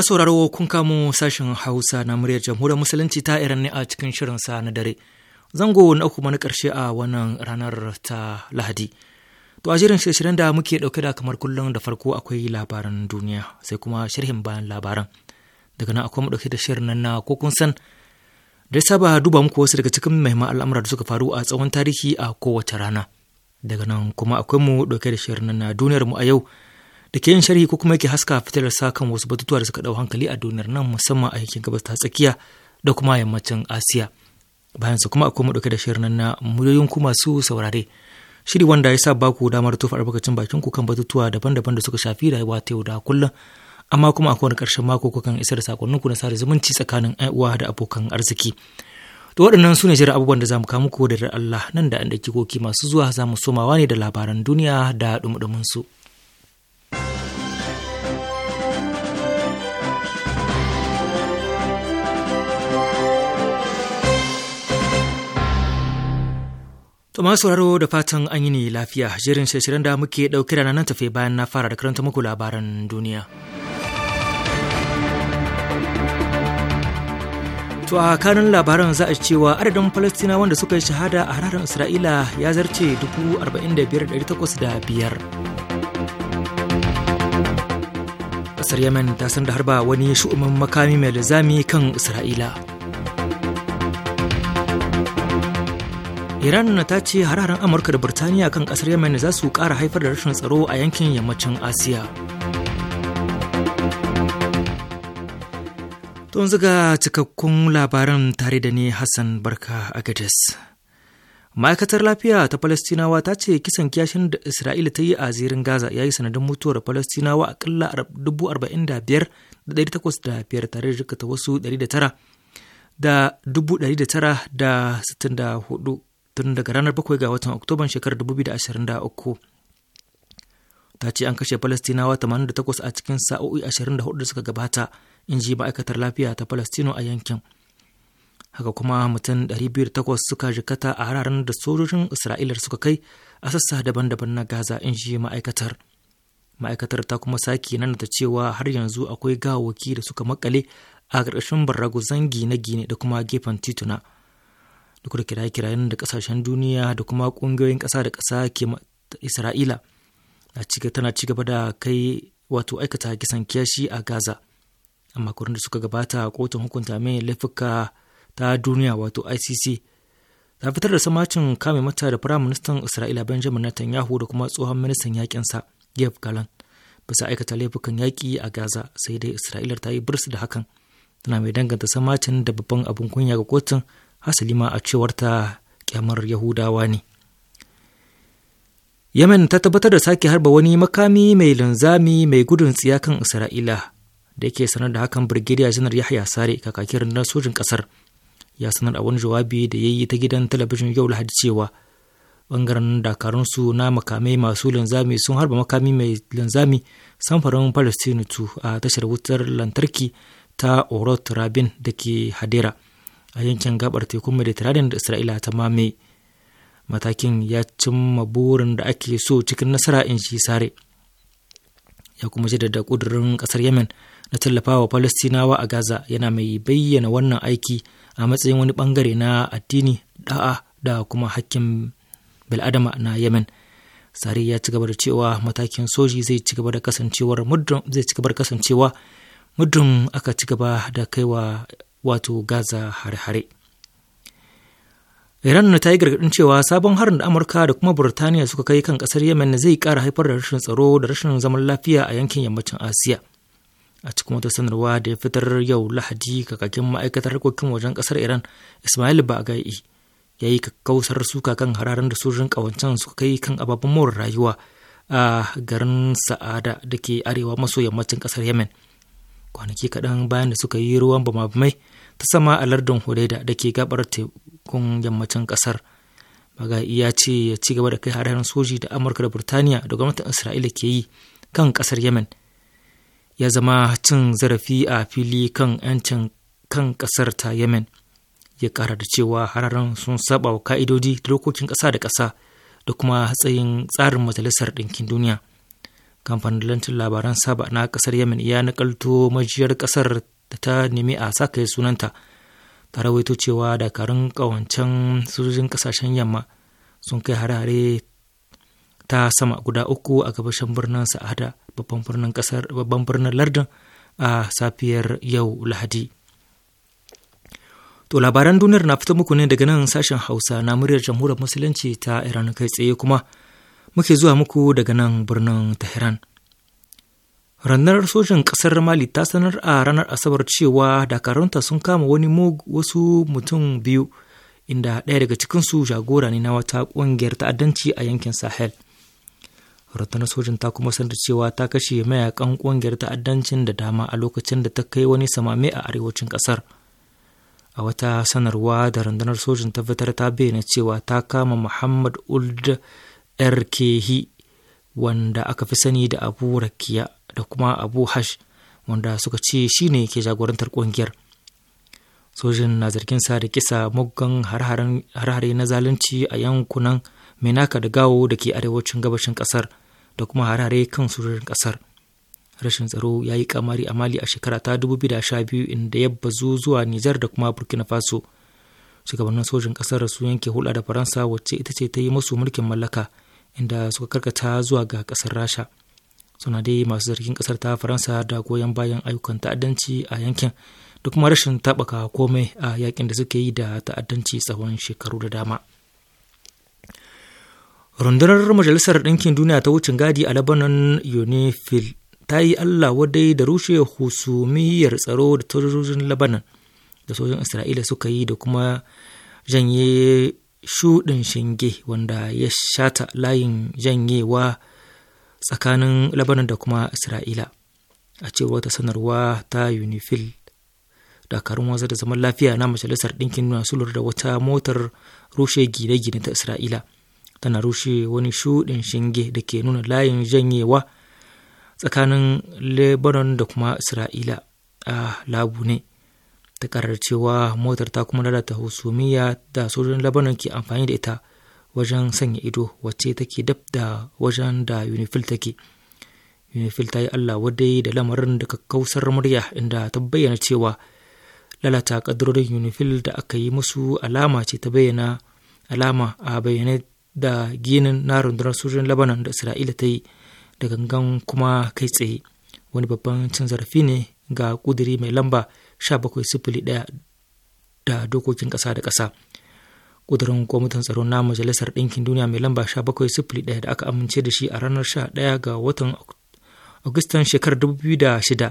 Masu sauraro kun kamo sashen Hausa na muryar jamhuriyar Musulunci ta Iran ne a cikin shirin sa na dare. Zango na uku na karshe a wannan ranar ta Lahadi. To a shirin shirye-shiryen da muke dauke da kamar kullum da farko akwai labaran duniya sai kuma sharhin bayan labaran. Daga nan akwai mu ɗauke da shirin nan na ko kun san da saba duba muku wasu daga cikin mahimman al'amura da suka faru a tsawon tarihi a kowace rana. Daga nan kuma akwai mu dauke da shirin nan na duniyar mu a yau da ke yin sharhi ko kuma yake haska fitar da sakan wasu batutuwa da suka dau hankali a duniyar nan musamman a yankin gabas ta tsakiya da kuma yammacin asiya bayan su kuma akwai madauke da shirin nan na muryoyin ku masu saurare shiri wanda ya sa baku damar tufa albarkacin bakin ku kan batutuwa daban-daban da suka shafi rayuwa ta yau da kullum amma kuma a kowane ƙarshen mako kukan isar da sakonninku na sare zumunci tsakanin uwa da abokan arziki to waɗannan su ne shirin abubuwan da zamu kawo muku da Allah nan da an daki koki masu zuwa zamu somawa ne da labaran duniya da dumudumin su To masu sauraro da fatan an yi ne lafiya jerin shirin da muke ɗauki da nan tafe bayan na fara da karanta muku labaran duniya. To a kanin labaran za a cewa adadin Falastina wanda suka yi shahada a hararin Isra'ila ya zarce da biyar. Ƙasar Yemen ta san da harba wani shu'umin makami mai lizami kan Isra'ila. iran na ta ce hararen amurka da birtaniya kan kasar yemen za su kara haifar da rashin tsaro a yankin yammacin asiya Tun ziga cikakkun labaran tare da ni Hassan Barka a Ma'aikatar lafiya ta Falastinawa ta ce kisan kiyashin da Isra'ila ta yi a zirin Gaza ya yi sanadin mutuwar Falastinawa a 45,805 tare da jikata da 964 tun daga ranar 7 ga watan Oktoban shekarar 2023. Ta ce an kashe Falastinawa 88 a cikin sa'o'i 24 da suka gabata, in ji ma'aikatar lafiya ta Falastino a yankin. Haka kuma mutum 208 suka jikata a hararen da sojojin Isra'ila suka kai a sassa daban-daban na Gaza, in ji ma'aikatar. Ma'aikatar ta kuma sake nan da cewa har yanzu akwai gawawwaki da suka makale a ƙarƙashin barragu zangi na gine da kuma gefen tituna. duk da kiraye-kirayen da kasashen duniya da kuma kungiyoyin kasa da kasa ke isra'ila tana ci gaba da kai wato aikata kisan kiyashi a gaza amma kurin da suka gabata kotun hukunta mai laifuka ta duniya wato icc ta fitar da samacin kame mata da minister isra'ila benjamin netanyahu da kuma tsohon ministan sa gev galan bisa aikata laifukan yaƙi a gaza sai dai isra'ilar ta yi burs da hakan tana mai danganta samacin da babban abin kunya ga kotun hasali ma a cewar ta kyamar yahudawa ne yemen ta tabbatar da sake harba wani makami mai linzami mai gudun tsiya kan isra'ila da yake sanar da hakan birgidiya janar yahya sare kakakir na sojin kasar ya sanar a wani jawabi da ya yi ta gidan talabijin yau lahadi cewa bangaren dakarunsu na makamai masu linzami sun harba makami mai linzami samfarin palestine 2 a tashar wutar lantarki ta orot rabin da ke hadera a yankin gabar tekun mediterranean da isra'ila ta mame matakin ya cimma burin da ake so cikin nasara in shi sare ya kuma da kudurin kasar yemen na tallafawa palestinawa a gaza yana mai bayyana wannan aiki a matsayin wani bangare na addini da'a da kuma hakkin bil'adama na yemen sare ya ci gaba da cewa matakin soji zai ci da kasancewa muddin zai ci gaba da kasancewa muddin aka ci gaba da kaiwa wato gaza hare-hare iran ta yi gargaɗin cewa sabon harin da amurka da kuma burtaniya suka kai kan ƙasar yemen zai ƙara haifar da rashin tsaro da rashin zaman lafiya a yankin yammacin asiya a cikin wata sanarwa da ya fitar yau lahadi kakakin ma'aikatar harkokin wajen ƙasar iran ismail bagai ya yi kakkausar suka kan hararen da sojin ƙawancen suka kai kan ababen more rayuwa a garin sa'ada da ke arewa maso yammacin ƙasar yemen kwanaki kaɗan bayan da suka yi ruwan bama bamabamai ta sama a lardin Hudaida da ke gabar tekun yammacin kasar. maga'i ya ce ya ci gaba da kai har haren soji da Amurka da Burtaniya da gwamnatin Isra'ila ke yi kan kasar Yemen. Ya zama cin zarafi a fili kan 'yancin kan kasar ta Yemen. Ya kara da cewa hararen sun saba wa ka'idodi da dokokin ƙasa da ƙasa da kuma hatsayin tsarin Majalisar Ɗinkin Duniya. Kamfanin labaran saba na ƙasar Yemen ya nakalto majiyar ƙasar da ta nemi a sakayi sunanta ta rawaito cewa dakarun ƙawancen sojojin kasashen yamma sun kai harare ta sama guda uku a gabashin birnin sa'ada babban birnin babban birnin lardin a safiyar yau lahadi to labaran duniyar na fito muku ne daga nan sashen hausa na muryar jamhuriyar musulunci ta iran kai tsaye kuma muke zuwa muku daga nan birnin tehran Rannar sojan ƙasar Mali ta sanar a ranar Asabar cewa dakarunta sun kama wani wasu mutum biyu inda ɗaya daga cikinsu jagora ne na wata ƙungiyar ta'addanci a yankin Sahel. randanar sojan ta kuma sanar cewa ta kashe mayakan ƙungiyar ta'addancin da dama a lokacin da ta kai wani samame a arewacin ƙasar. A wata sanarwa da rundunar sojan ta fitar ta bayyana cewa ta kama Muhammad Uld Erkehi wanda aka fi sani da Abu Rakiya da kuma abu hash wanda suka ce shi ne ke jagorantar ƙungiyar sojin na zargin sa da kisa muggan harhare na zalunci a yankunan menaka da gawo da ke arewacin gabashin kasar da kuma harhare kan sojin kasar. rashin tsaro ya yi kamari a mali a shekara ta 2012 inda ya bazu zuwa nijar da kuma burkina faso shugabannin sojin kasar su yanke hulɗa da faransa wacce ita ce ta yi musu mulkin mallaka inda suka karkata zuwa ga kasar rasha suna dai masu zargin kasar ta faransa da goyon bayan ayyukan ta'addanci a yankin da kuma rashin taɓaka komai a yakin da suke yi da ta'addanci tsawon shekaru da dama rundunar majalisar ɗinkin duniya ta wucin gadi a labanan unifil ta yi allah wadai da rushe husumiyar tsaro da sojojin labanan da sojojin isra'ila suka yi da kuma janye shuɗin shinge wanda ya shata layin janyewa tsakanin labanan da kuma isra'ila a cewar wata sanarwa ta unifil karin wanzar da zaman lafiya na majalisar ɗinkin nuna sulur da wata motar rushe gine-gine ta isra'ila tana rushe wani shuɗin shinge da ke nuna layin janyewa tsakanin lebanon da kuma isra'ila a labu ne ta karar cewa motar ta kuma lalata husumiya da sojojin labanon ke amfani da ita wajen sanya ido wacce take dab da wajen da unifil take unifil ta yi allah wadai da lamarin da kakkausar murya inda ta bayyana cewa lalata ƙaddarorin unifil da aka yi musu alama ce ta bayyana alama a bayyane da ginin na rundunar sojin labanan da isra'ila ta yi da gangan kuma kai tsaye wani babban cin zarafi ne ga kuduri mai lamba 1701 da dokokin ƙasa da ƙasa kudurin kwamitin tsaro na majalisar ɗinkin duniya mai lamba 1701 da aka amince da shi a ranar 11 ga watan agustan shekarar 2006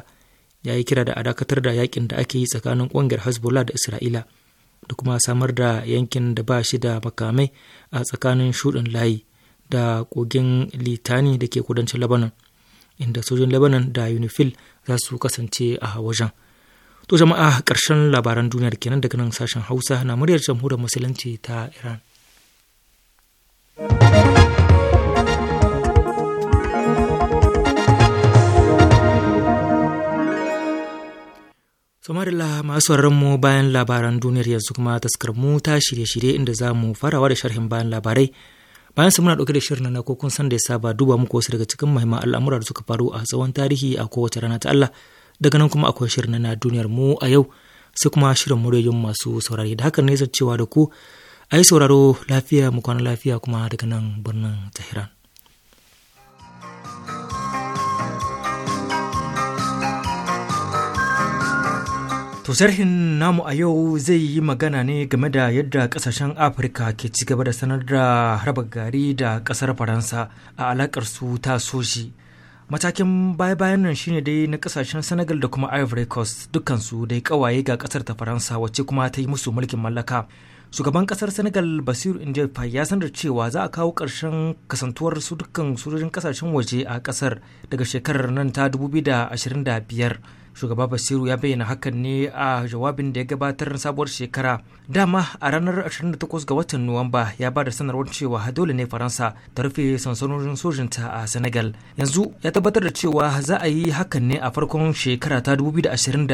ya yi kira da a dakatar da yakin da ake yi tsakanin ƙungiyar hezbollah da isra'ila da kuma samar da yankin da ba shi da makamai a tsakanin shuɗin layi da kogin litani da ke kudancin lebanon inda sojin lebanon da unifil za su kasance a wajen. To jama'a ƙarshen labaran duniyar kenan daga nan sashen Hausa na muryar jamhuriyar musulunci ta Iran. Somarila masu mu bayan labaran duniyar yanzu kuma taskar mu ta shirye-shirye inda za mu farawa da sharhin bayan labarai. Bayan su muna ɗauke da shirin na kokun sanda san da ya saba duba muku wasu daga cikin mahimman al'amura da suka faru a tsawon tarihi a kowace rana ta Allah. daga nan kuma akwai shirin na duniyar mu a yau sai kuma shirin muryoyin masu saurari da haka ne zan cewa da ku a yi sauraro lafiya mu kwana lafiya kuma daga nan birnin tahiran To sarhin namu a yau zai yi magana ne game da yadda kasashen Afirka ke ci gaba da sanar da harba gari da kasar Faransa a alakar su ta soji. matakin baya-bayan nan shine dai na kasashen senegal da kuma ivory coast dukkansu dai kawaye ga kasar ta faransa wacce kuma ta yi musu mulkin mallaka shugaban kasar senegal basir injefa ya sanar cewa za a kawo ƙarshen kasantuwar su dukkan sojojin kasashen waje a kasar daga shekarar nan ta 2025 shugaba basiru ya bayyana hakan ne a jawabin da ya gabatar sabuwar shekara dama a ranar 28 ga watan nuwamba ya ba da sanarwar cewa dole ne faransa ta rufe sansanonin sojinta a senegal yanzu ya tabbatar da cewa za a yi hakan ne a farkon shekara ta 2025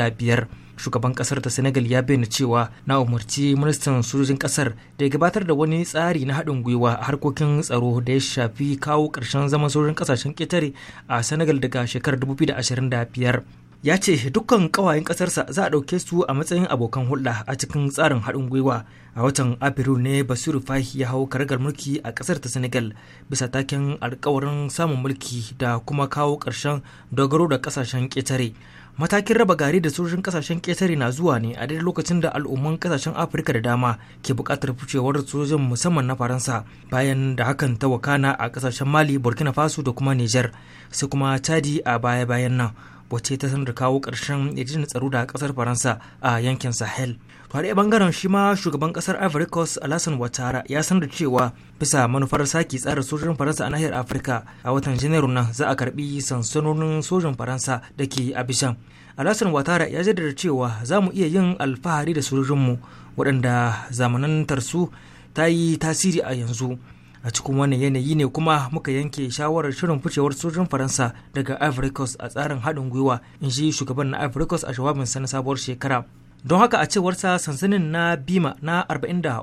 shugaban kasar ta senegal ya bayyana cewa na umarci ministan sojojin kasar da ya gabatar da wani tsari na haɗin gwiwa a harkokin tsaro da ya shafi kawo ƙarshen zaman sojojin kasashen ƙetare a senegal daga shekarar 2025 ya ce dukkan ƙawayen ƙasarsa za a ɗauke su a matsayin abokan hulɗa a cikin tsarin haɗin gwiwa a watan afrilu ne basiru fahi ya hau karagar mulki a ƙasar ta senegal bisa taken alkawarin samun mulki da kuma kawo ƙarshen dogaro da ƙasashen ƙetare matakin raba gari da sojojin ƙasashen ƙetare na zuwa ne a daidai lokacin da al'umman ƙasashen afirka da dama ke buƙatar ficewar sojojin musamman na faransa bayan da hakan ta wakana a ƙasashen mali burkina faso da kuma niger sai kuma chadi a baya-bayan nan wacce ta sanar da kawo ƙarshen yajin tsaro da ƙasar faransa a yankin sahel to a bangaren shi ma shugaban ƙasar ivory coast alassane ouattara ya sanar da cewa bisa manufar sake tsara sojojin faransa a nahiyar afirka a watan janairu nan za a karbi sansanonin sojin faransa da ke abidjan alasan ouattara ya jaddada cewa za mu iya yin alfahari da sojojinmu waɗanda zamanantar su ta yi tasiri a yanzu a cikin wani yanayi ne kuma muka yanke shawarar shirin ficewar sojin faransa daga ivory coast a tsarin haɗin gwiwa in ji shugaban na ivory coast a jawabinsa na sabuwar shekara don haka a cewarsa sansanin na bima na 43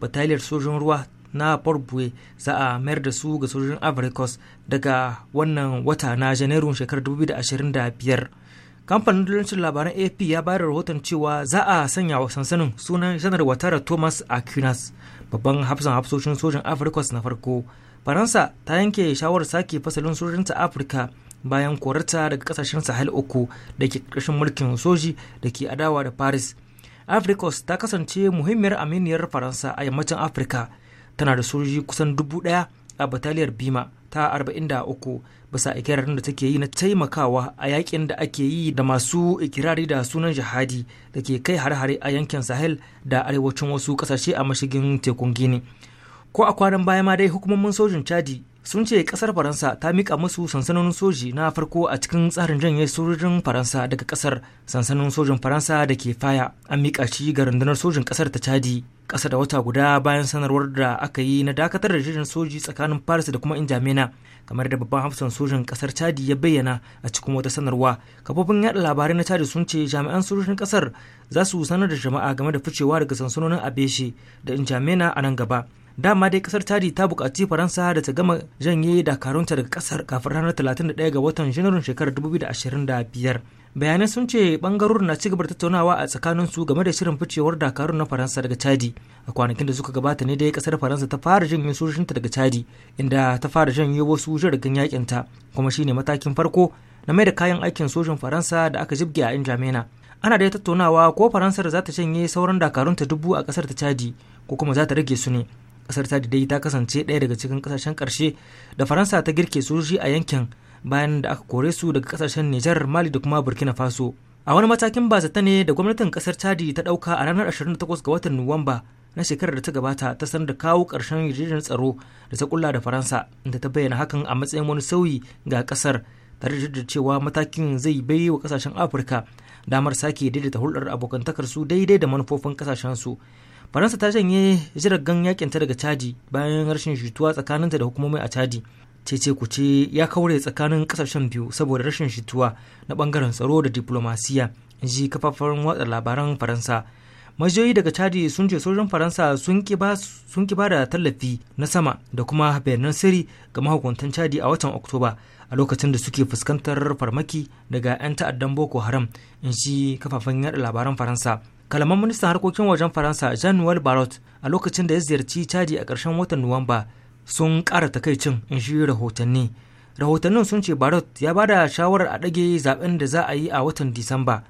bataliyar sojin ruwa na Borbue za a mayar da su ga ivory coast daga wannan wata na Janairun shekarar 2025. Kamfanin dalancin labaran AP ya bayar da rahoton cewa za a sanya wa sansanin sunan Janar Watara Thomas Aquinas babban hafsan hafsoshin sojin afirka na farko faransa ta yanke shawarar sake fasalin sojinta afirka bayan korarta daga kasashen sahel uku da ke ƙarshen mulkin soji da ke adawa da paris afirka ta kasance muhimmiyar aminiyar faransa a yammacin afirka tana da soji kusan dubu daya a bataliyar bima ta arba'in da uku. bisa ikirarin da take yi na taimakawa a yakin da ake yi da masu ikirari da sunan jihadi da ke kai har hare a yankin sahel da arewacin wasu kasashe a mashigin tekun gini ko a kwanan baya ma dai hukumomin sojin chadi sun ce kasar faransa ta mika musu sansanin soji na farko a cikin tsarin janye sojojin faransa daga kasar sansanin sojin faransa da ke faya an mika shi ga rundunar sojin kasar ta chadi kasa da wata guda bayan sanarwar da aka yi na dakatar da jirgin soji tsakanin paris da kuma injamena kamar da babban hafsan sojan kasar chadi ya bayyana a cikin wata sanarwa kafofin yada labarai na chadi sun ce jami'an sojojin kasar za su sanar da jama'a game da ficewa daga sansanonin abeshe da injamena a nan gaba dama dai kasar chadi ta bukaci faransa da ta gama janye dakarunta daga kasar kafin ranar 31 ga watan janairun shekarar 2025 bayanai sun ce bangarorin na cigaba da tattaunawa a tsakanin su game da shirin ficewar dakarun na faransa daga chadi a kwanakin da suka gabata ne dai kasar faransa ta fara janye sojojinta daga chadi inda ta fara janye wasu jirgin yakin ta kuma shine matakin farko na mai da kayan aikin sojin faransa da aka jibge a injamena ana da tattaunawa ko faransar za ta shanye sauran dakarunta dubu a kasar ta chadi ko kuma za ta rage su ne kasar ta dai ta kasance ɗaya daga cikin kasashen karshe da faransa ta girke sojoji a yankin bayan da aka kore su daga kasashen nijar mali da kuma burkina faso a wani matakin ba zata ne da gwamnatin kasar chadi ta ɗauka a ranar 28 ga watan nuwamba na shekarar da ta gabata ta sanar da kawo karshen yarjejeniyar tsaro da ta kulla da faransa inda ta bayyana hakan a matsayin wani sauyi ga kasar tare da cewa matakin zai bai wa kasashen afirka damar sake daidaita hulɗar abokantakar su daidai da manufofin kasashen su faransa ta janye jiragen yakinta daga chadi bayan rashin shituwa tsakaninta da hukumomi a chadi cece kuce ya kaure tsakanin kasashen biyu saboda rashin jituwa na bangaren tsaro da diplomasiya ji kafafen watsa labaran faransa majiyoyi daga chadi sun ce sojin faransa sun ki ba da tallafi na sama da kuma bayanan sirri ga mahukuntan chadi a watan oktoba a lokacin da suke fuskantar farmaki daga 'yan ta'addan boko haram in ji kafafen yada labaran faransa kalaman ministan harkokin wajen faransa jean-noel barrot a lokacin da ya ziyarci chadi a ƙarshen watan nuwamba sun ƙara takaicin in shi rahotanni rahotannin sun ce barot ya bada shawarar a ɗage zaben da za a yi a watan disamba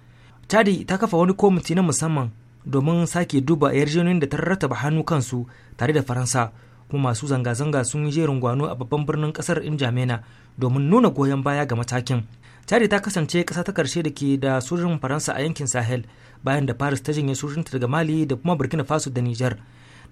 chadi ta kafa wani kwamiti na musamman domin sake duba yarjejeniyoyin da ta rattaba hannu kansu tare da faransa kuma masu zanga-zanga sun yi jerin gwano a babban birnin ƙasar injamena domin nuna goyon baya ga matakin chadi ta kasance kasa ta karshe da ke da sojin faransa a yankin sahel bayan da paris ta janye sojinta daga mali da kuma burkina faso da niger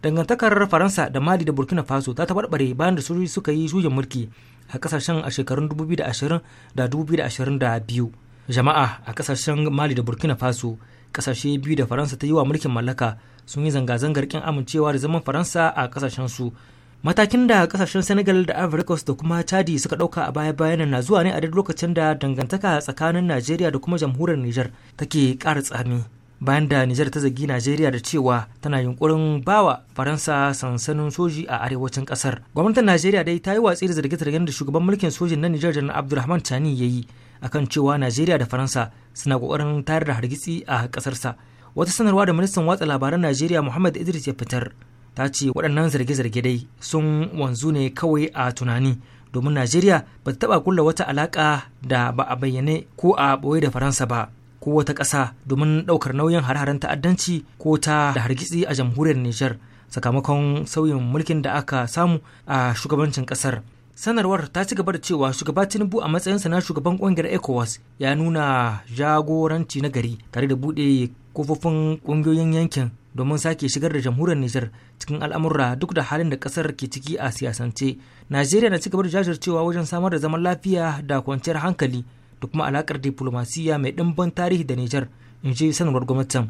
dangantakar faransa da mali da burkina faso ta tabarbare bayan da sojoji suka yi juyin mulki a kasashen a shekarun 2020 da 2022 jama'a a kasashen mali da burkina faso kasashe biyu da faransa ta yi wa mulkin mallaka sun yi zanga-zangar kin amincewa da zaman faransa a kasashen su matakin da kasashen senegal da ivory coast da kuma chadi suka dauka a baya bayan na zuwa ne a duk lokacin da dangantaka tsakanin nigeria da kuma jamhuriyar niger take kara tsami bayan da niger ta zagi nigeria da cewa tana yunkurin bawa faransa sansanin soji a arewacin kasar gwamnatin nigeria dai ta yi watsi da zarge-zargen da shugaban mulkin sojin na niger janar abdulrahman tani ya yi akan cewa nigeria da faransa suna kokarin tayar da hargitsi a kasarsa wata sanarwa da ministan watsa labaran nigeria muhammad idris ya fitar ta ce waɗannan zarge-zarge dai sun wanzu ne kawai a tunani domin najeriya ba ta taɓa kulla wata alaƙa da ba a bayyane ko a ɓoye da faransa ba ko wata ƙasa domin ɗaukar nauyin har-haren ta'addanci ko ta da hargitsi a jamhuriyar niger sakamakon sauyin mulkin da aka samu a shugabancin ƙasar sanarwar ta ci gaba da cewa shugaba tinubu a matsayinsa na shugaban kungiyar ecowas ya nuna jagoranci na gari tare da buɗe kofofin kungiyoyin yankin domin sake shigar da jamhuriyar Nijar cikin al'amurra duk da halin da kasar ke ciki a siyasance. Najeriya na cigaba da jajircewa wajen samar da zaman lafiya da kwanciyar hankali da kuma alakar diplomasiya mai ɗimbin tarihi da Nijar, in ji sanarwar gwamnatin.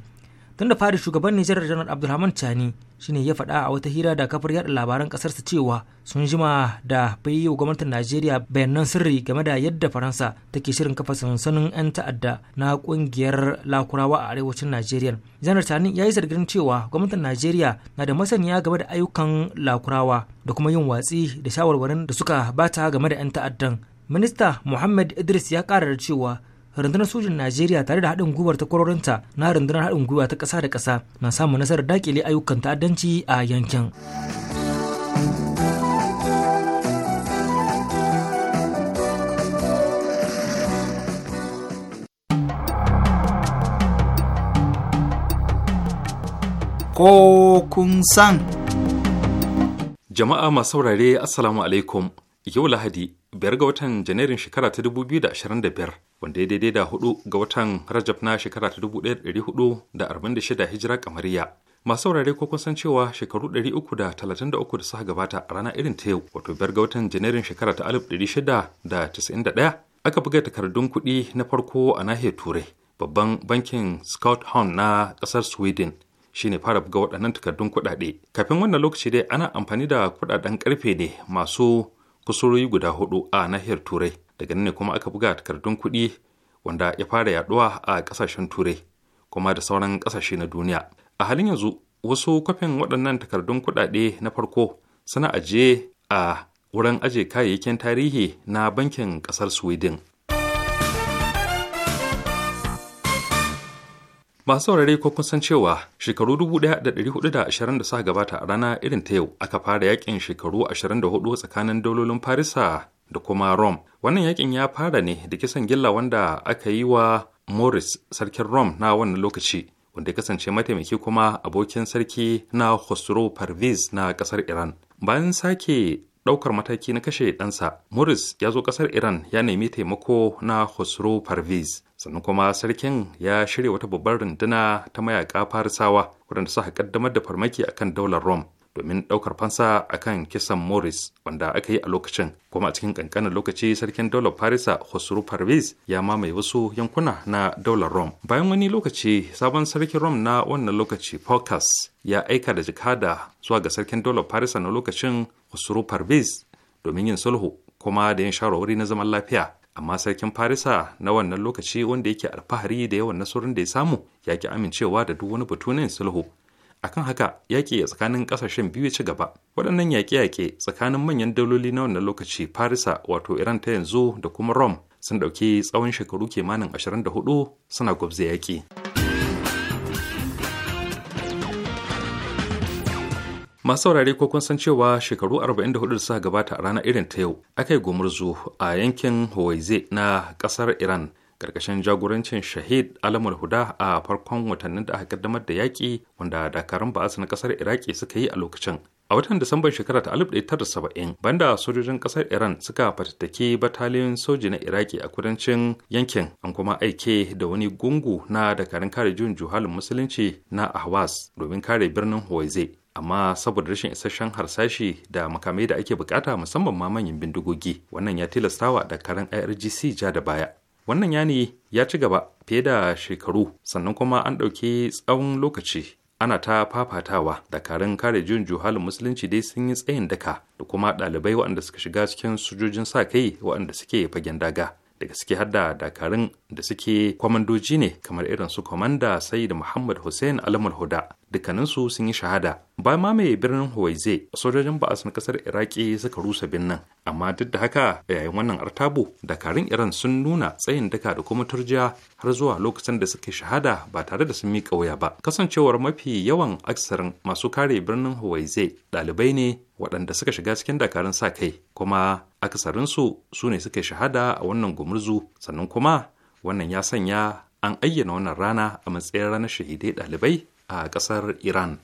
tun da fari shugaban nijar janar abdulhaman chani shine ya faɗa a wata hira da kafar yada labaran sa cewa sun jima da bai yi wa gwamnatin najeriya bayanan sirri game da yadda faransa take shirin kafa sansanin 'yan ta'adda na ƙungiyar lakurawa a arewacin najeriya janar chani ya yi zargin cewa gwamnatin najeriya na da masaniya game da ayyukan lakurawa da kuma yin watsi da shawarwarin da suka bata game da 'yan ta'addan minista muhammad idris ya ƙara da cewa rundunar sojin najeriya tare da haɗin gwiwar takwarorinta na rundunar haɗin gwiwa ta ƙasa da ƙasa na samu nasarar dakile ayyukan ta'addanci a yankin ko kun san. Jama'a masu saurare Assalamu alaikum, yau Lahadi, biyar ga watan Janairun shekara ta da biyar. wanda ya daidai da hudu ga watan Rajab na shekara ta 1446 hijira kamariya. Masu saurare ko kun san cewa shekaru ɗari 333 da suka gabata a rana irin ta yau wato biyar ga watan Janairun shekara ta ɗaya aka buga takardun kuɗi na farko a nahiyar Turai. Babban bankin Scott hon na ƙasar Sweden shine fara buga waɗannan takardun kuɗaɗe. Kafin wannan lokaci dai ana amfani da kuɗaɗen ƙarfe ne masu kusurori guda hudu a nahiyar Turai. daga nan ne kuma aka buga takardun kuɗi wanda ya fara yaduwa a ƙasashen turai kuma da sauran ƙasashe na duniya a halin yanzu wasu kwafin waɗannan takardun kuɗaɗe na farko suna ajiye a wurin ajiye kayayyakin tarihi na bankin ƙasar sweden masu saurari ko kun san cewa shekaru 1420 da suka gabata a rana irin ta yau aka fara yakin shekaru 24 tsakanin daulolin farisa da kuma rom Wannan yakin ya fara ne da kisan gilla wanda aka yi wa Morris sarkin rom na wannan lokaci wanda ya kasance mataimaki kuma abokin sarki na Khosrow Parviz na kasar Iran. Bayan sake ɗaukar mataki na kashe ɗansa, Morris ya zo kasar Iran ya nemi taimako na Khosrow Parviz. Sannan kuma sarkin ya shirya wata babbar runduna ta mayaka Farisawa waɗanda suka ƙaddamar da farmaki akan daular Rome. domin ɗaukar fansa a kan kisan morris wanda aka yi a lokacin kuma a cikin ƙanƙanin lokaci sarkin daular farisa hosuru parvis ya mamaye wasu yankuna na daular rome bayan wani lokaci sabon sarkin rome na wannan lokaci focus ya aika da jikada zuwa ga sarkin daular farisa na lokacin hosuru parvis domin yin sulhu kuma da yin shawarwari na zaman lafiya amma sarkin farisa na wannan lokaci wanda yake alfahari da yawan nasarorin da ya samu ya ki amincewa da duk wani batu na sulhu akan haka yaƙi a tsakanin ƙasashen biyu ya ci gaba waɗannan yaƙe-yaƙe tsakanin manyan daloli na wannan lokaci farisa wato iran ta yanzu da kuma rom sun ɗauki tsawon shekaru kimanin 24 suna gwabza yaƙi masu saurare ko kun san cewa shekaru 44 da suka gabata a ranar irin ta yau aka yi gumurzu a yankin hawaii na ƙasar iran karkashin jagorancin shahid alamul huda a farkon watannin da aka kaddamar da yaƙi wanda dakarun ba'as na ƙasar iraki suka yi a lokacin a watan disamban shekara ta 1970 banda sojojin ƙasar iran suka fatattaki bataliyoyin soji na iraki a kudancin yankin an kuma aike da wani gungu na dakarun kare juyin juhalin musulunci na ahwas domin kare birnin huwaize amma saboda rashin isasshen harsashi da makamai da ake bukata musamman ma manyan bindigogi wannan ya tilastawa dakarun irgc ja da baya wannan yani ya ci gaba fiye da shekaru sannan kuma an ɗauki tsawon lokaci ana ta fafatawa dakarun kare jin juhalin musulunci dai sun yi tsayin daka da kuma ɗalibai waɗanda suka shiga cikin sojojin sa kai waɗanda suke fagen daga daga suke hada dakarun da suke kwamandoji ne kamar irin su kwamanda sai da muhammad hussein alamul huda dukkaninsu sun yi shahada ba ma mai birnin Huwaize sojojin ba'as na kasar Iraki suka rusa birnin amma duk da haka yayin wannan artabu dakarun Iran sun nuna tsayin daka da kuma turjiya har zuwa lokacin da suka shahada ba tare da sun miƙa wuya ba kasancewar mafi yawan aksarin masu kare birnin Huwaize ɗalibai ne waɗanda suka shiga cikin dakarun sa kai kuma aksarinsu su ne suka shahada a wannan gumurzu sannan kuma wannan ya sanya an ayyana wannan rana a matsayin ranar shahidai ɗalibai a ƙasar Iran.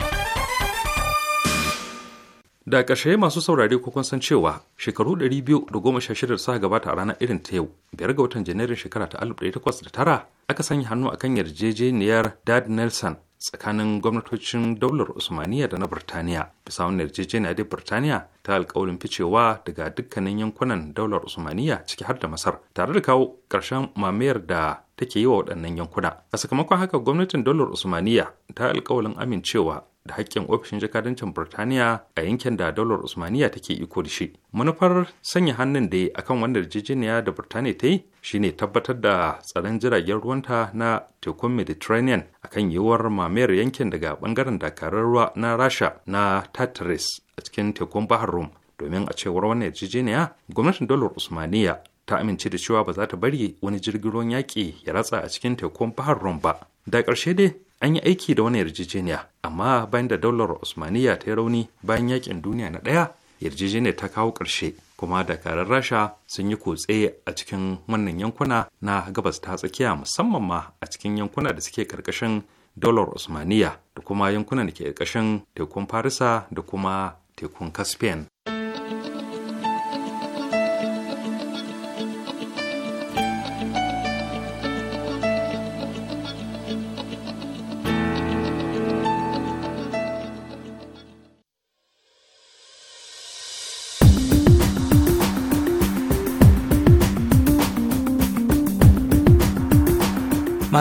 Da ƙarshe masu saurari ko kun san cewa shekaru da 216 suka gabata a ranar irin ta yau, biyar ga watan Janairun shekara ta 1809 aka sanya hannu a kan yarjejeniyar Dad Nelson tsakanin gwamnatocin daular usmaniya da na birtaniya bisa wani yarjejeniya dai birtaniya ta alkawarin ficewa daga dukkanin yankunan daular usmaniya ciki har da masar tare da kawo ƙarshen mamayar da take yi wa waɗannan yankuna a sakamakon haka gwamnatin daular usmaniya ta alkawarin amincewa da haƙƙin ofishin jakadancin Birtaniya a yankin da daular Usmaniya take iko da shi. Manufar sanya hannun da akan wanda jijiniya da Birtaniya ta yi shine tabbatar da tsaron jiragen ruwanta na tekun Mediterranean akan yiwuwar mamayar yankin daga ɓangaren dakarar ruwa na Rasha na Tartarus a cikin tekun Bahar Rum. Domin a cewar wannan yarjejeniya, gwamnatin daular Usmaniya ta amince da cewa ba za ta bari wani jirgin ruwan yaƙi ya ratsa a cikin tekun Bahar Rum ba. Da ƙarshe dai an yi aiki da wani yarjejeniya amma bayan da daular osmaniya ta yi rauni bayan yakin duniya na ɗaya yarjejeniyar ta kawo ƙarshe kuma dakarar rasha sun yi kutse a cikin wannan yankuna na gabas ta tsakiya musamman ma a cikin yankuna da suke ƙarƙashin daular osmaniya da kuma yankunan da ke ƙarƙashin tekun farisa da kuma tekun caspian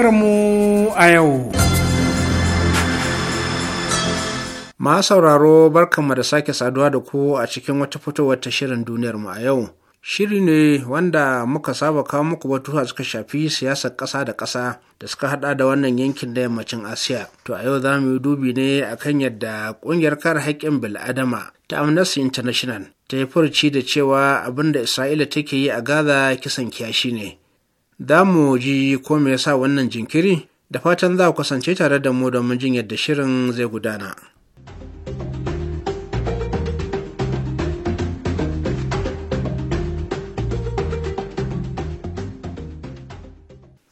Duniyarmu a yau. Ma sauraro barkanmu da sake saduwa da ku a cikin wata fitowar ta shirin duniyarmu a yau. Shiri ne wanda muka saba kawo muku batu a suka shafi siyasar ƙasa da ƙasa da suka haɗa da wannan yankin da yammacin Asiya. To a yau za mu yi dubi ne a kan yadda ƙungiyar kar haƙƙin bil'adama ta Amnesty International ta yi furuci da cewa abin da Isra'ila take yi a Gaza kisan kiyashi ne. da mu ji ko me yasa wannan jinkiri da fatan za ku kasance tare da mu domin jin yadda shirin zai gudana.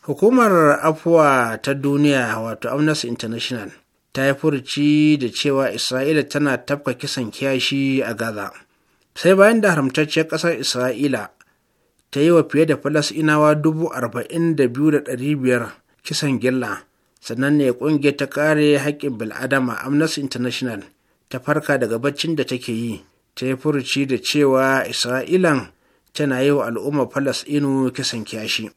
Hukumar afuwa ta duniya wato Amnesty International ta yi furuci da cewa Isra'ila tana tafka kisan kiyashi a Gaza. Sai bayan da haramtacciyar ƙasar Isra'ila ta yi wa fiye da falasinawa dubu arba'in da biyu da ɗari biyar kisan gilla sannan ne ƙungiyar ta kare haƙƙin bil'adama amnesty international ta farka daga baccin da take yi ta yi furuci da cewa isra'ilan tana yi wa al'ummar falasinu kisan kyashi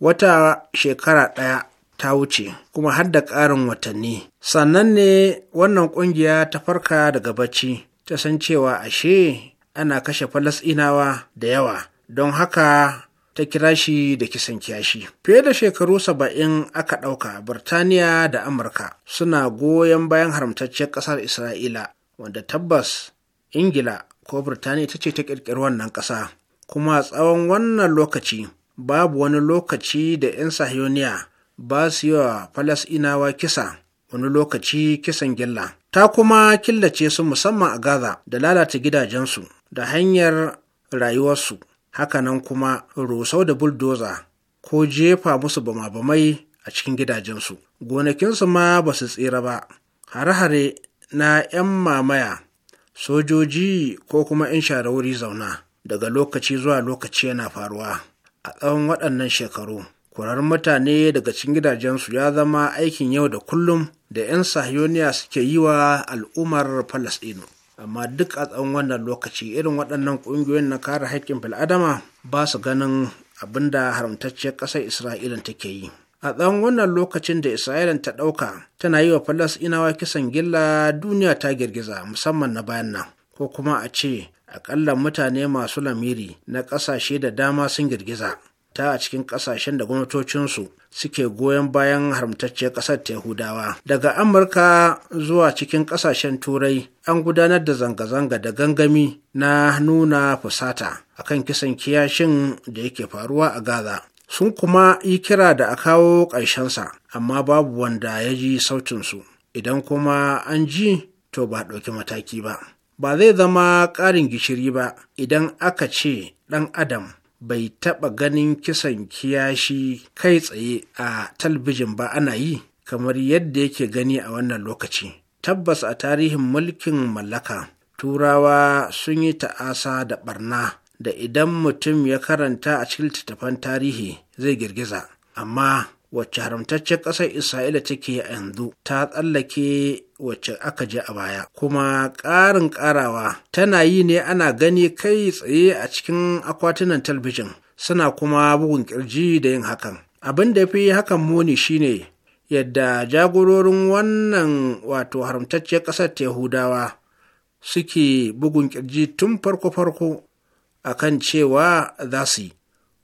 wata shekara ɗaya ta wuce kuma har da ƙarin watanni sannan ne wannan ƙungiya ta farka daga bacci ta san cewa ashe ana kashe falasɗinawa da yawa don haka ta kira shi da kisan kiyashi. Fiye da shekaru saba'in aka ɗauka Birtaniya da Amurka suna goyon bayan haramtacciyar ƙasar Isra'ila wanda tabbas Ingila ko Birtaniya ta ce ta ƙirƙiri wannan ƙasa. Kuma tsawon wannan lokaci babu wani lokaci da 'yan Sahiyoniya ba su yi wa Falasɗinawa kisa wani lokaci kisan gilla. Ta kuma killace su musamman a Gaza da lalata gidajensu da hanyar rayuwarsu hakanan kuma rusau da buldoza ko jefa musu bama-bamai a cikin gidajensu gonakinsu ma ba su tsira ba hare-hare na 'yan mamaya sojoji ko kuma 'yan share wuri zauna daga lokaci zuwa lokaci yana faruwa a tsawon waɗannan shekaru kurar mutane daga cikin gidajensu ya zama aikin yau da kullum da 'yan sahiyoniya suke yi wa al'ummar falasɗinu amma duk a tsawon wannan lokaci irin waɗannan ƙungiyoyin na kare haƙƙin bil'adama ba su ganin abin da haramtacciyar ƙasar isra'ila take yi a tsawon wannan lokacin da isra'ila ta ɗauka tana yi wa falasɗinawa kisan gilla duniya ta girgiza musamman na bayan nan ko kuma a ce aƙalla mutane masu lamiri na ƙasashe da dama sun girgiza ta a cikin ƙasashen da gwamnatocinsu suke goyon bayan haramtacciyar ƙasar ta Yahudawa. Daga Amurka zuwa cikin ƙasashen Turai an gudanar da zanga-zanga da gangami na nuna fusata akan kisan kiyashin da yake faruwa a Gaza. Sun kuma yi kira da a kawo ƙarshensa, amma babu wanda ya ji sautinsu. Idan kuma an ji, to ba ɗauki mataki ba. Ba zai zama ƙarin gishiri ba idan aka ce ɗan Adam bai taɓa ganin kisan kiyashi kai tsaye a talbijin ba ana yi kamar yadda yake gani a wannan lokaci tabbas a tarihin mulkin mallaka turawa sun yi ta'asa da barna da idan mutum ya karanta a cikin littattafan tarihi zai girgiza amma wacce haramtaccen ƙasar isra'ila take a yanzu ta tsallake wacce aka je a baya kuma ƙarin ƙarawa tana yi ne ana gani kai tsaye a cikin akwatunan talbijin suna kuma bugun ƙirji da yin hakan abin da fi hakan muni shine yadda jagororin wannan wato haramtacciyar ƙasar ta yahudawa suke bugun ƙirji tun farko-farko akan cewa za su yi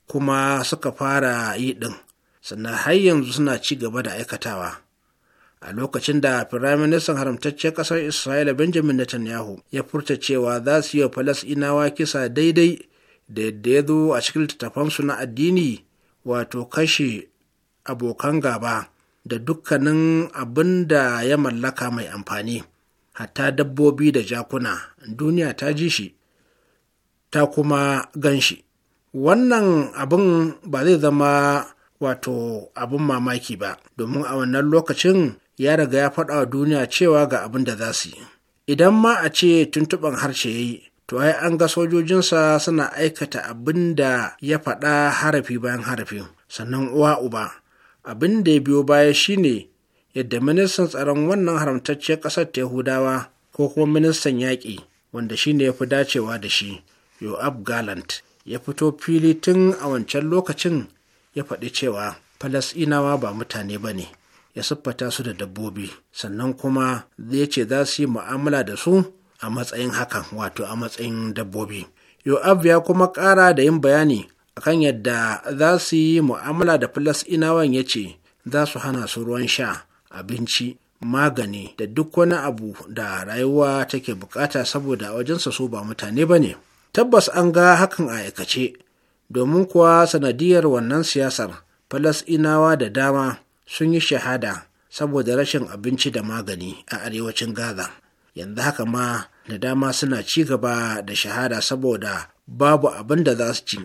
kuma suka fara yi ɗin sannan har yanzu suna ci gaba da aikatawa a lokacin da firaministan haramtaccen ƙasar isra'ila benjamin netanyahu ya furta cewa za su yi wa falasinawa kisa daidai da yadda ya zo a cikin littattafansu na addini wato kashe abokan gaba da dukkanin abin da ya mallaka mai amfani hatta dabbobi da jakuna duniya ta ji shi ta kuma gan shi wannan abin ba zai zama wato abin mamaki ba domin a wannan lokacin ya riga ya faɗa wa duniya cewa ga abin da za su yi idan ma a ce tuntuɓin harshe ya yi to ai an ga sojojinsa suna aikata abin da ya faɗa harafi bayan harafi sannan uwa uba abin da ya biyo baya shine yadda ministan tsaron wannan haramtacciyar ƙasar ta yahudawa ko kuma ministan yaƙi wanda shine ya fi dacewa da shi yoab gallant ya fito fili tun a wancan lokacin ya faɗi cewa falasɗinawa ba mutane ba ne ya siffata su da dabbobi sannan kuma zai ce za su yi mu'amala da su a matsayin hakan wato a matsayin dabbobi yo'ab ya kuma ƙara da yin bayani a kan yadda za su yi mu'amala da falasɗinawan ya ce za su hana su ruwan sha abinci magani da duk wani abu da rayuwa take bukata saboda wajensa su ba mutane ba ne tabbas an ga hakan a aikace domin kuwa sanadiyar wannan siyasar falasɗinawa da dama sun yi shahada saboda rashin abinci da magani a arewacin gaza yanzu haka ma da dama suna ci gaba da shahada saboda babu abin da za su ci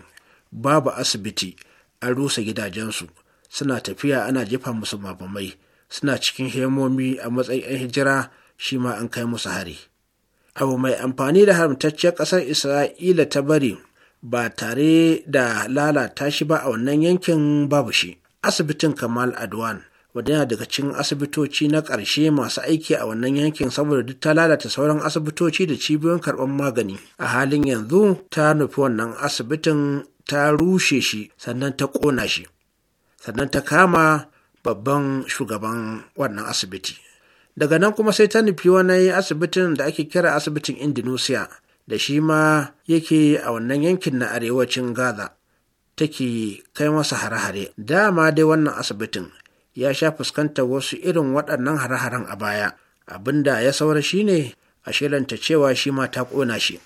babu asibiti an rusa gidajensu suna tafiya ana jefa musu mabamai suna cikin hemomi a matsayin 'yan hijira shi ma an kai musu hari abu mai amfani da haramtacciyar ƙasar isra'ila ta bari ba tare da lalata shi ba a wannan yankin babu shi asibitin kamal adwan wadda yana daga cikin asibitoci na ƙarshe masu aiki a wannan yankin saboda duk ta lalata sauran asibitoci da cibiyoyin karɓar magani a halin yanzu ta nufi wannan asibitin ta rushe shi sannan ta ƙona shi sannan ta kama babban shugaban wannan asibiti daga nan kuma sai ta nufi wani asibitin da ake kira asibitin indonesia da shi ma yake a wannan yankin na arewacin gaza take kai masa hare-hare dama dai wannan asibitin ya sha fuskantar wasu irin waɗannan hare-haren a baya abinda ya saura shine a shirinta cewa shi ma ta ƙona shi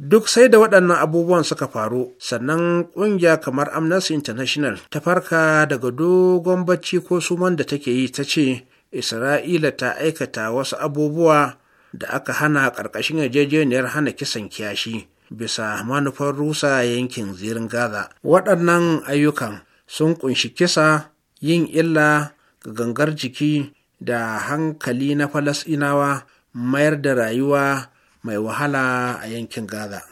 duk sai da waɗannan abubuwan suka faru sannan ƙungiya kamar amnesty international ta farka daga dogon bacci ko suman da take yi ta ce isra'ila ta aikata wasu abubuwa da aka hana ƙarƙashin yarjejeniyar hana kisan kiyashi bisa manufar rusa yankin zirin gaza waɗannan ayyukan sun kunshi kisa yin illa ga gangar jiki da hankali na falasinawa mayar da rayuwa mai wahala a yankin gaza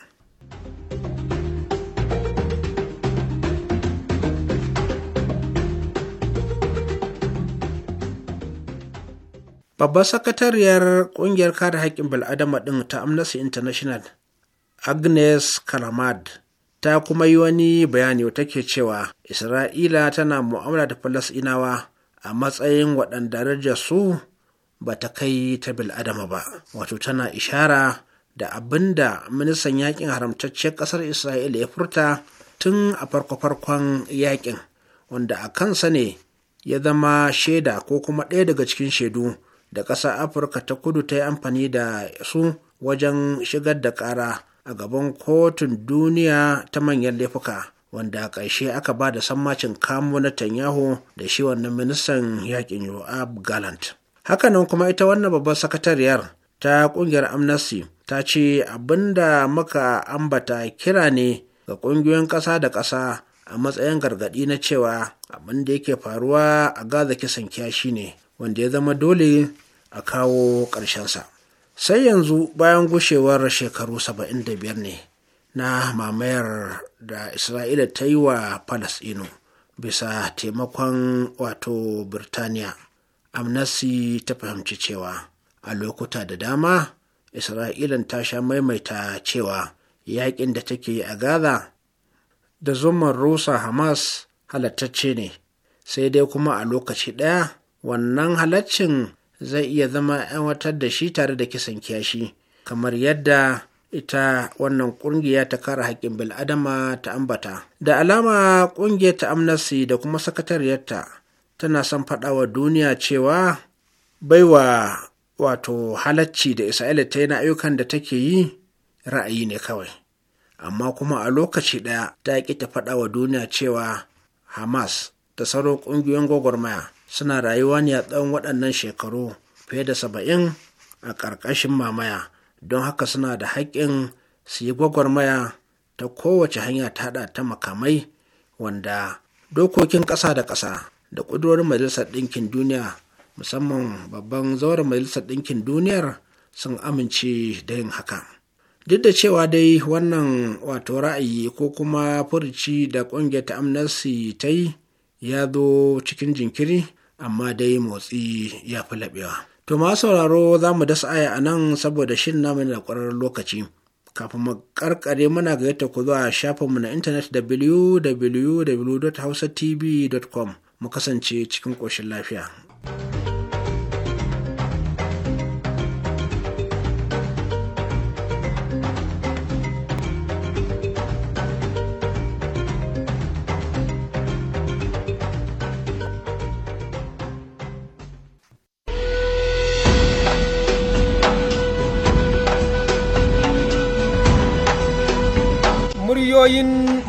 Babbar sakatariyar ƙungiyar kare haƙƙin bil'adama ɗin ta Amnesty International, Agnes Kalamad, ta kuma yi wani bayani ke cewa Isra'ila tana mu'amala da Falasɗinawa a matsayin waɗanda darajar su ba ta kai ta bil'adama ba, wato tana ishara da abin da ministan yaƙin haramtacciyar ƙasar Isra'ila ya furta tun a farko-farkon yaƙin wanda a kansa ne ya zama shaida ko kuma ɗaya daga cikin shaidu da ƙasar afirka ta kudu ta yi amfani da su wajen shigar da ƙara a gaban kotun duniya ta manyan laifuka wanda a ƙarshe aka ba da sammacin kamo na tanyahu da shi wannan ministan yaƙin yoab gallant hakanan kuma ita wannan babbar sakatariyar ta ƙungiyar amnesty ta ce abinda muka ambata kira ne ga ƙungiyoyin ƙasa da ƙasa a matsayin gargaɗi na cewa abin da yake faruwa a gaza kisan kiyashi ne. wanda ya zama dole a kawo ƙarshensa sai yanzu bayan gushewar shekaru 75 ne na mamayar da isra'ila ta yi wa falasɗinu bisa taimakon wato birtaniya amnesty ta fahimci cewa a lokuta da dama isra'ilan ta sha maimaita cewa yaƙin da take a gaza da zuman rusa hamas halattacce ne sai dai kuma a lokaci ɗaya wannan halaccin zai iya zama aiwatar da shi tare da kisan kiyashi kamar yadda ita wannan kungiya ta kare haƙƙin bil'adama ta ambata da alama kungiyar ta amnesty da kuma sakatariyarta tana son faɗawa duniya cewa baiwa wato halacci da isra'ila ta yi na ayyukan da take yi ra'ayi ne kawai amma kuma a lokaci ɗaya ta ƙi ta faɗawa duniya cewa hamas da sauran ƙungiyoyin gwagwarmaya suna rayuwa ne a tsawon waɗannan shekaru fiye da saba'in a ƙarƙashin mamaya don haka suna da haƙƙin su yi gwagwarmaya ta kowace hanya ta haɗa ta makamai wanda dokokin ƙasa da ƙasa da ƙudurorin majalisar ɗinkin duniya musamman babban zauren majalisar ɗinkin duniyar sun amince da yin haka duk da cewa dai wannan wato ra'ayi ko kuma furuci da ƙungiyar ta amnesty ta yi ya zo cikin jinkiri amma dai motsi ya fi laɓewa. To ma sauraro za mu dasa aya a nan saboda shin namu da ƙwararren lokaci. Kafin mu karkare muna ga yadda ku zuwa shafinmu na intanet www.hausatv.com mu kasance cikin ƙoshin lafiya.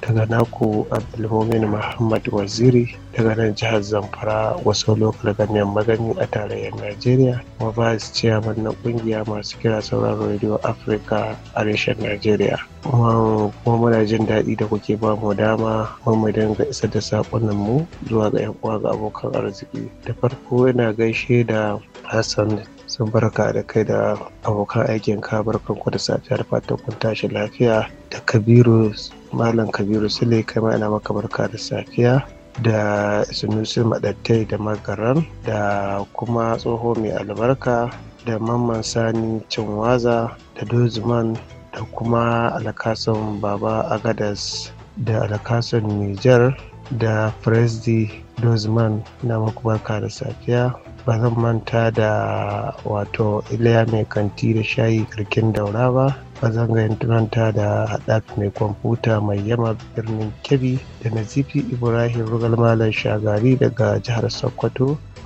daga naku abdulmumin muhammad waziri daga nan jihar zamfara wasu lokal ganyen magani a tarayyar najeriya kuma vice chairman na kungiya masu kira sauraron radio Afirka a reshen najeriya kuma muna jin daɗi da kuke ba mu dama mu dinga isa da saƙonan mu zuwa ga yan uwa ga abokan arziki da farko ina gaishe da hassan sun barka da kai da abokan aikin ka barkan da safiyar fatan kun tashi lafiya da kabiru malam kabiru sule kai ma ina maka barka da safiya da sunusi madattai da magaran da kuma tsoho mai albarka da mamman sani cinwaza da dozman da kuma alakasan baba agadas da alakasan niger da presdi dozman na maku barka da safiya ba zan manta da wato iliya mai kanti da shayi karkin daura ba ba zan manta da haɗaf mai kwamfuta mai yama birnin kebbi da nazifi ibrahim rugal malam shagari daga jihar sokoto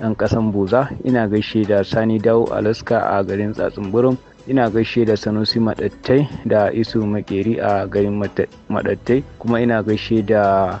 ɗan ƙasan Buza, ina gaishe da Sani Dawo Alaska a garin Tsatsunburum, ina gaishe da Sanusi Maɗattai da Isu Makeri a garin madattai kuma ina gaishe da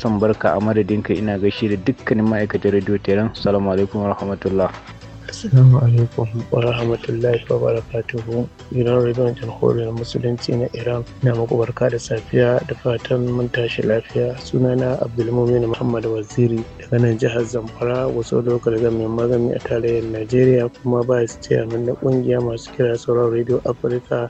Hassan Barka a madadinka ina gaishe da dukkanin ma'aikatan Radio Tehran. salamu alaikum wa rahmatullah. Assalamu alaikum wa rahmatullahi wa barakatuhu. Gidan Rediyon Jamhuriyar Musulunci na Iran na muku barka da safiya da fatan mun tashi lafiya. Sunana Abdulmumin Muhammad Waziri daga nan jihar Zamfara wasu lokal mai magani a tarayyar Najeriya kuma ba su ce na kungiya masu kira sauran Radio Afirka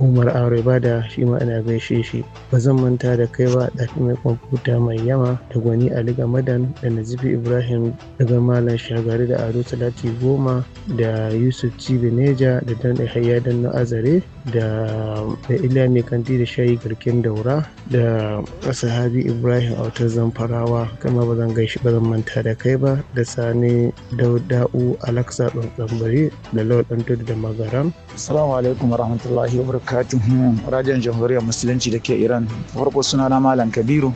umar aure ba da shi ma ina gaishe shi ba zan manta da kai ba ɗaki mai kwamfuta mai yama da gwani ali gamadan da nazifi ibrahim daga malam shagari da ado talati goma da yusuf cibi neja da dan hayya dan na azare da da mai kanti da shayi garkin daura da sahabi ibrahim autar zamfarawa kama ba zan gaishe ba zan manta da kai ba da sani dauda'u alaksa tsambari da lord tudu da magaram assalamu alaikum warahmatullahi wabarakatuh barakatuhu radiyon jamhuriyar musulunci da ke iran farko suna na malam kabiru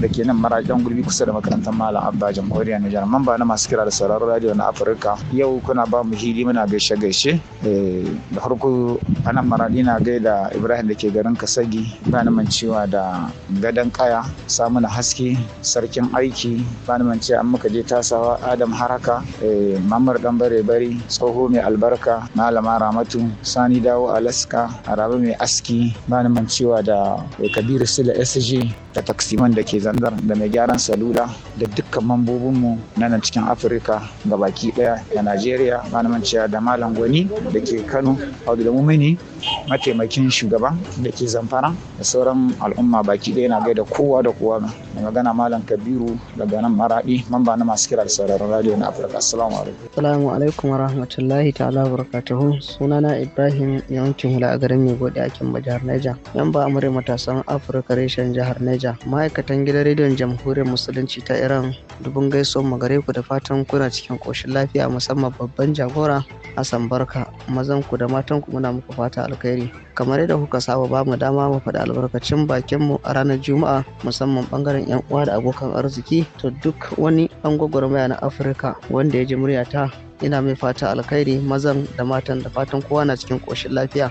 da ke nan marajan gurbi kusa da makarantar malam abba jamhuriyar nijar mamba na masu kira da sauraron radiyo na afirka yau kuna ba mu hili muna gaishe gaishe eh, da farko anan maradi na gaida ibrahim da ke garin kasagi bani cewa da gadon kaya samu na haske sarkin aiki bani cewa an muka je tasawa adam haraka eh, mamar dan bare bari tsoho mai albarka malama ramatu sani dawo alaska a rabi mai aski ba man cewa da kabiru sila sg da taksiman da ke zanzar da mai gyaran salula da dukkan mambobinmu na nan cikin afirka ga baki daya da najeriya ba man cewa da malam gwani da ke kano audu da mumini mataimakin shugaban da ke zamfara da sauran al'umma baki daya na gaida kowa da kowa da magana malam kabiru daga nan maradi mamba na masu kira da sauraron radio na afirka assalamu alaikum wa rahmatullahi ta'ala barakatuhu sunana ibrahim yawancin hula a garin Sani Gode Akin jihar Niger, memba amurai matasan Afirka reshen jihar Niger, ma'aikatan gidan rediyon jamhuriyar musulunci ta Iran dubun gaisuwan magare ku da fatan kuna cikin koshin lafiya musamman babban jagora Hassan Barka mazan ku da matan ku muna muku fata alkhairi. Kamar yadda kuka saba ba mu dama mu faɗi albarkacin bakin mu a ranar Juma'a musamman bangaren yan uwa da abokan arziki to duk wani an gwagwarmaya na Afirka wanda ya ji muryata ina mai fata alkhairi mazan da matan da fatan kowa na cikin koshin lafiya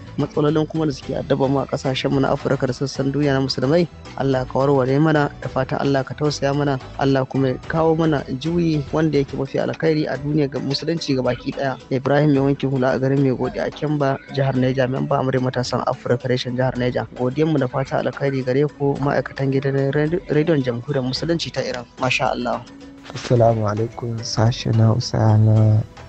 matsalolin kuma da suke addaba mu a kasashen na Afirka da sassan duniya na musulmai Allah ka warware mana da fatan Allah ka tausaya mana Allah kuma ya kawo mana juyi wanda yake mafi alkhairi a duniya ga musulunci ga baki daya Ibrahim mai wankin hula a garin mai godi a Kemba jihar Niger ba amurai matasan Afirka reshen jihar Niger godiyan mu da fatan alkhairi gare ku ma'aikatan gidan rediyon jamhuriyar musulunci ta Iran masha Allah Assalamu alaikum sashe na usa na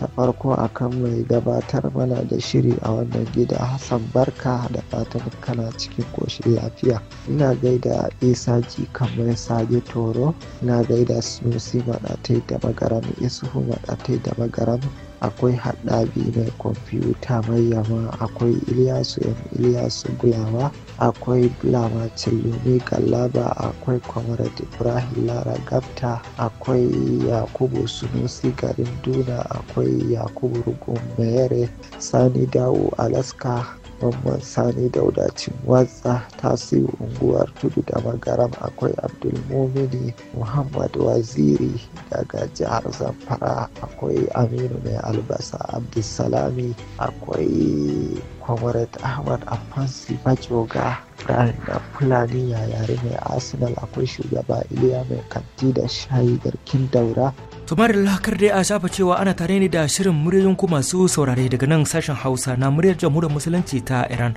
ta farko akan mai gabatar mana da shiri a wannan gida hassan barka da fatan kana cikin koshi lafiya ina gaida isa ji kamar sage toro ina gaida sunusi maɗatai da magaram isuhu maɗatai da magaram akwai haɗabi mai kwamfuta mai yama akwai iliyasu yan iliyasu bulawa akwai bulawa cilomi galaba akwai comrade ibrahim lara gafta akwai yakubu sunusi garin duna akwai yakubu rugun mayere sani dawo alaska Mamman Sani Daudacin watsa tasiri unguwar tudu da magaram akwai Abdulmumini Muhammad Waziri daga jihar Zamfara akwai Aminu Mai Albasa Abdulsalami akwai Comrade Ahmad Afansi Bajoga Ibrahim da Fulani yayari mai Arsenal akwai shugaba Iliya mai kanti da shayi garkin daura tumarilla kar dai a shafa cewa ana tare ne da shirin muryoyin ku masu saurare daga nan sashen hausa na muryar jamhuriyar musulunci ta iran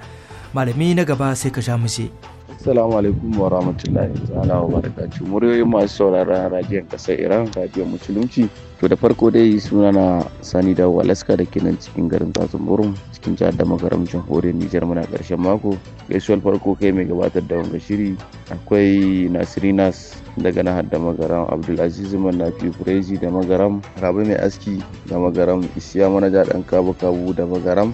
malami na gaba sai ka sha mushe. Assalamu alaikum wa rahmatullahi wa barakatuh. Muryoyin masu sauraron radiyon kasar Iran, radiyon musulunci to da farko dai suna na sani da walaska da ke nan cikin garin burum cikin jihar da magaram jamhuriyar nijar muna karshen mako gaisuwar farko kai mai gabatar da wanga shiri akwai nasirinas daga na da magaram abdulaziz mannafi kurezi da magaram rabi mai aski da magaram isiya manaja dan kabu kabu da magaram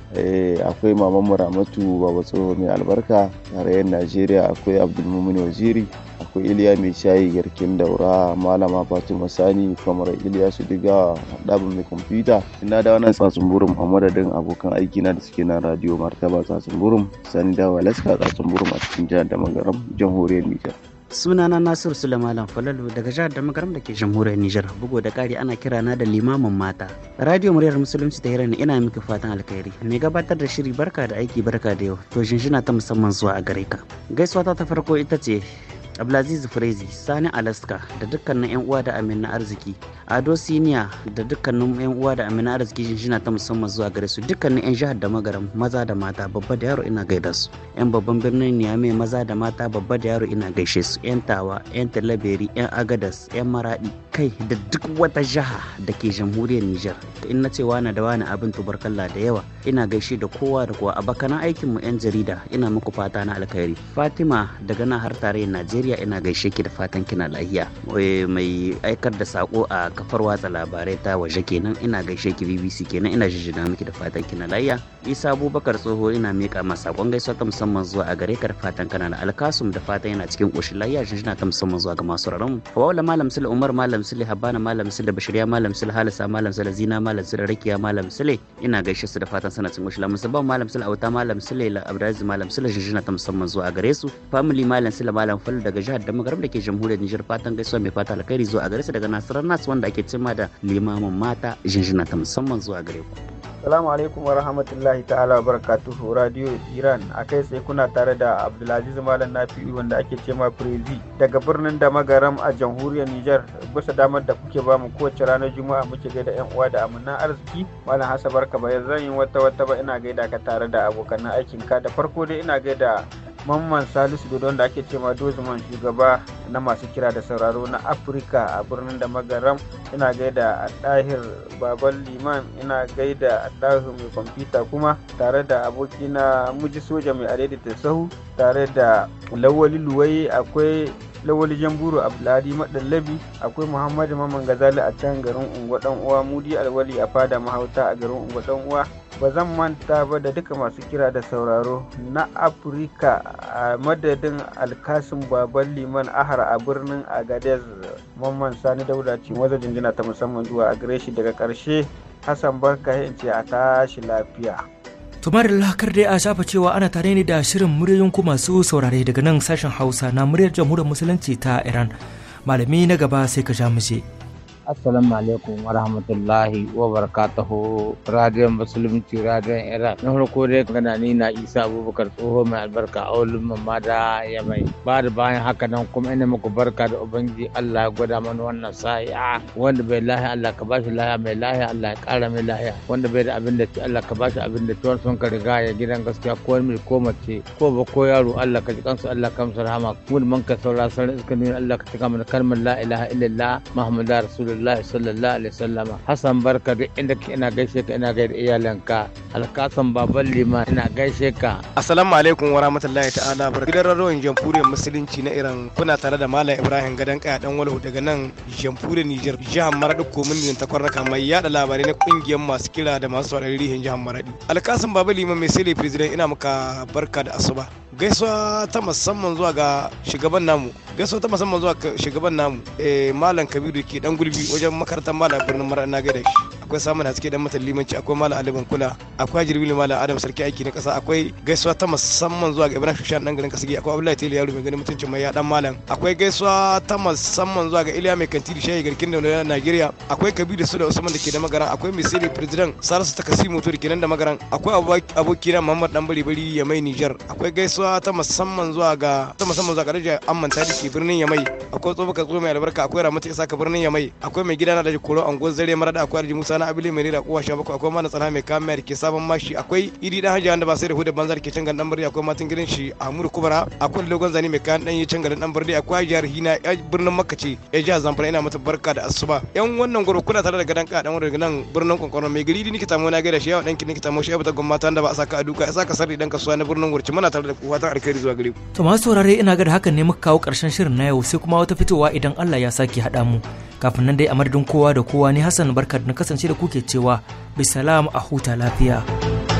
Eh, akwai maman muramatu baba tsoho mai albarka tarayyar najeriya akwai abdulmumin waziri akwai iliya mai shayi garkin daura malama fatima sani kamar iliya su diga ɗabin mai kwamfuta ina da wannan tsatsun burin a madadin abokan aiki na da suke na radio martaba tsatsun burin sani walaska laska tsatsun burin a cikin jihar damagaram jamhuriyar nijar sunana nasiru sulaiman falalu daga jihar magaram da ke jamhuriyar nijar bugu da kari ana kira na da limamin mata radio muryar musulunci ta hirar ina miki fatan alkhairi mai gabatar da shiri barka da aiki barka da yau to jinjina ta musamman zuwa a gare ka gaisuwa ta farko ita ce abdulaziz frezi sani alaska da dukkanin yan uwa da amin arziki ado siniya da dukkanin yan uwa da amin na arziki jinjina ta musamman zuwa gare su dukkanin yan jihar da magaram maza da mata babba da yaro ina gaida su yan babban birnin niyame maza da mata babba da yaro ina gaishe su yan tawa yan talaberi yan agadas yan maradi kai da duk wata jiha da ke jamhuriyar niger in na ce wani da wani abin tubarkalla da yawa ina gaishe da kowa da kowa aikin aikinmu 'yan jarida ina muku fata na alkhairi fatima daga nan har tarayyar najeriya ina gaishe ki da fatan kina lahiya mai aikar da sako a kafar watsa labarai ta waje kenan ina gaishe ki bbc kenan ina jijjina miki da fatan kina lahiya isa abubakar tsoho ina miƙa ma sakon gaisuwa ta musamman zuwa a gare ka da fatan kana da alkasum da fatan yana cikin ƙoshin lahiya jijjina ta musamman zuwa ga masu raron wawala malam sule umar malam sule habana malam sule bashiriya malam sule halisa malam sule zina malam sule rakiya malam sule ina gaishe su da fatan sana cin mushla musabban malam sula auta malam sula ila abdulaziz malam sula jinjina ta musamman zuwa gare su family malam sula malam fal daga jihar da magarab da ke jamhuriyar nijar fatan gaisuwa mai fata alkhairi zuwa gare su daga nasarar nasu wanda ake cima da limamin mata jinjina ta musamman zuwa gare ku. Salamu alaikum wa rahmatullahi ta'ala wa barakatuhu Radio Iran a kai sai kuna tare da Abdulaziz Malam Nafi'u wanda ake ce ma Prezi daga birnin da magaram a jamhuriyar Nijar bisa damar da kuke bamu kowace ranar Juma'a muke gaida yan uwa da amanan arziki Malam Hassan barka ba zan yi wata wata ba ina gaida ka tare da abokan aikin ka da farko dai ina gaida Mamman Salisu Dodon da ake cewa Dozman shugaba na masu kira da sauraro na Afirka a birnin da magaram ina gaida a ɗahir baban liman ina gaida a ɗahir mai kwamfuta kuma tare da abokina muji soja mai adaidaita sahu tare da lawali luwai akwai lawali jamburu abdulhadi madallabi akwai muhammadu maman gazali a can garin unguwa dan uwa mudi alwali a fada mahauta a garin unguwa dan uwa ba zan manta ba da duka masu kira da sauraro na afirka a madadin alkasin baban liman ahar a birnin agadez mamman sani dauda ce waza jinjina ta musamman zuwa a daga karshe hassan barka ya ce a tashi lafiya tumar lakar dai a shafa cewa ana tare ne da shirin muryoyin ku masu saurare daga nan sashen hausa na muryar jamhuriyar musulunci ta iran malami na gaba sai ka sha mu assalamu alaikum wa rahmatullahi wa barakatuhu radiyon musulunci radiyon iran na farko dai gana ni na isa abubakar tsoho mai albarka a wulin mamma da ya mai ba da bayan haka nan kuma ina muku barka da ubangi allah ya gwada mana wannan sa'i'a wanda bai lahiya allah ka bashi lahiya mai lahiya allah ya kara mai lahiya wanda bai da abin da ci allah ka bashi abin da Wani sun ka riga ya gidan gaskiya ko mai ko mace ko ba ko yaro allah ka ji kansu allah ka musu rahama mun man ka saura sarar iska nuna allah ka cika mana kalmar la ilaha illallah muhammadu rasulullah rasulullahi sallallahu alaihi wasallama hasan barka duk inda ka ina gaishe ka ina gaida iyalanka alkasan baban lima ina gaishe ka assalamu alaikum wa rahmatullahi ta'ala bar gidan rarrawan jamhuriyar musulunci na iran kuna tare da malam ibrahim gadan kaya dan walau daga nan jamhuriyar niger jihar maradi komin din ta kwarraka mai yada labarai na kungiyar masu kira da masu sauraron rihin jihar maradi alkasan baban lima mai sele president ina maka barka da asuba gaisuwa ta musamman zuwa ga shugaban namu gaisuwa ta musamman zuwa ga shugaban namu eh malam kabiru ke dan gulbi wajen makarantar malam birnin mara na gaida shi akwai samun haske dan matan limanci akwai malam aliban kula akwai jirbili malam adam sarki aiki na kasa akwai gaisuwa ta musamman zuwa ga ibrahim shushan dan garin kasige akwai abdullahi tele yaro mai ganin mutuncin mai ya dan malam akwai gaisuwa ta musamman zuwa ga iliya mai kantiri shayi garkin da nigeria akwai kabiru su da usman da ke da magaran akwai sai president salisu takasimu to da nan da magaran akwai abokina muhammad dan bari bari ya mai niger akwai gaisuwa ta musamman zuwa ga ta musamman zuwa ga rajin amanta da ke birnin Yamai akwai tsofaka tsofi mai albarka akwai Ramatu Isa ka birnin Yamai akwai mai gidana da Koro Angon Zare Marada akwai Arji Musa na Abili Mai Rira Kowa bakwai akwai Mana Tsana Mai Kamar ke sabon mashi akwai Idi Dan Hajji wanda ba sai da hudu banzar ke can gandan birni akwai Matin Girin shi Amuru Kubara akwai Logon Zani mai kayan dan yi can gandan birni akwai Jihar Hina birnin Makace ya ji Zamfara ina mata barka da asuba yan wannan goro kuna tare da gadan ka dan wurin nan birnin Kwankwaron mai gari ni kita mu na gaida shi yawa dan ki ni kita mu shi ba ta gwamnati da ba a saka a duka ya saka sarri dan kasuwa na birnin Wurci muna tare da ku watan alkhairi zuwa gare ku to masu saurare ina ga da hakan ne muka kawo karshen shirin na yau sai kuma wata fitowa idan Allah ya sake haɗa mu kafin nan dai a madadin kowa da kowa ne Hassan barka na kasance da kuke cewa bisalam a huta lafiya